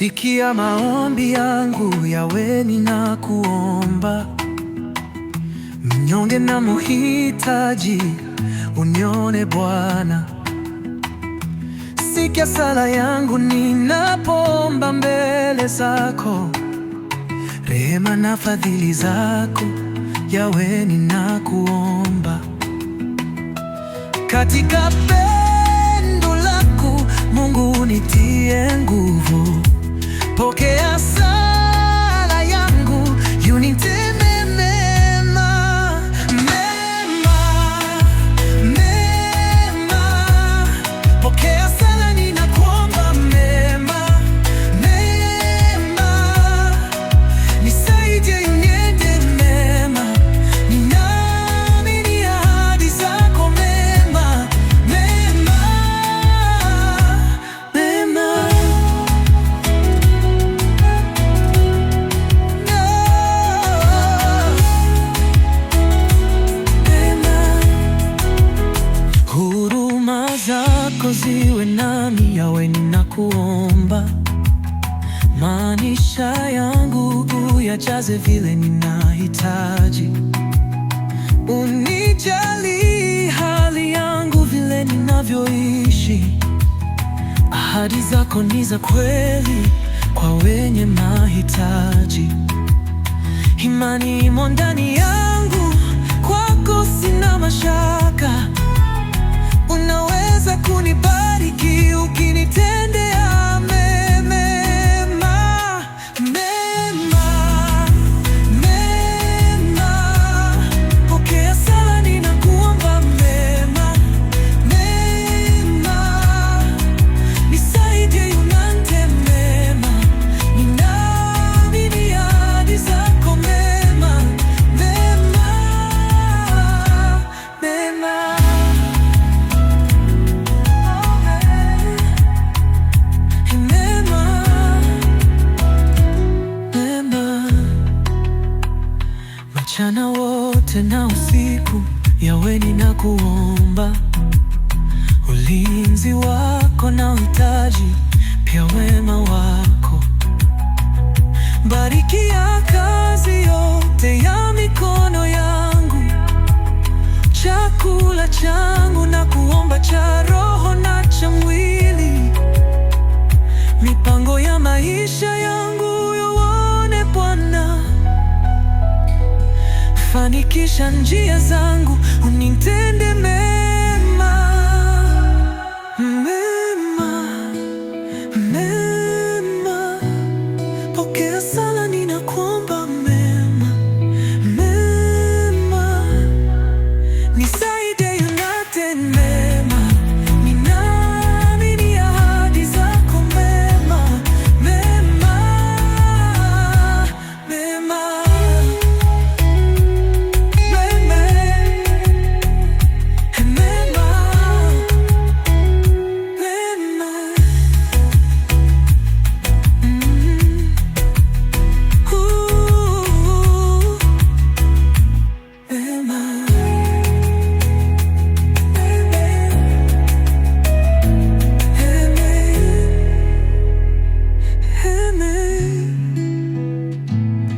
Sikia maombi yangu Yawe, ninakuomba. Mnyonge na muhitaji unione Bwana. Sikia sala yangu ninapoomba mbele zako. Rehema na fadhili zako Yawe, ninakuomba. Katika pendo lako Mungu, nitie nguvu porque assim. ziwe nami yawe ninakuomba, maanisha yangu uyajaze vile ninahitaji, unijali hali yangu vile ninavyoishi. Ahadi zako ni za kweli kwa wenye mahitaji, imani imo ndani yangu, kwako sina mashaka. mchana wote na usiku, Yawe ninakuomba ulinzi wako na uhitaji pia wema wako. Barikia kazi yote ya mikono yangu, chakula changu na kuomba cha roho Fanikisha njia zangu, unitende mema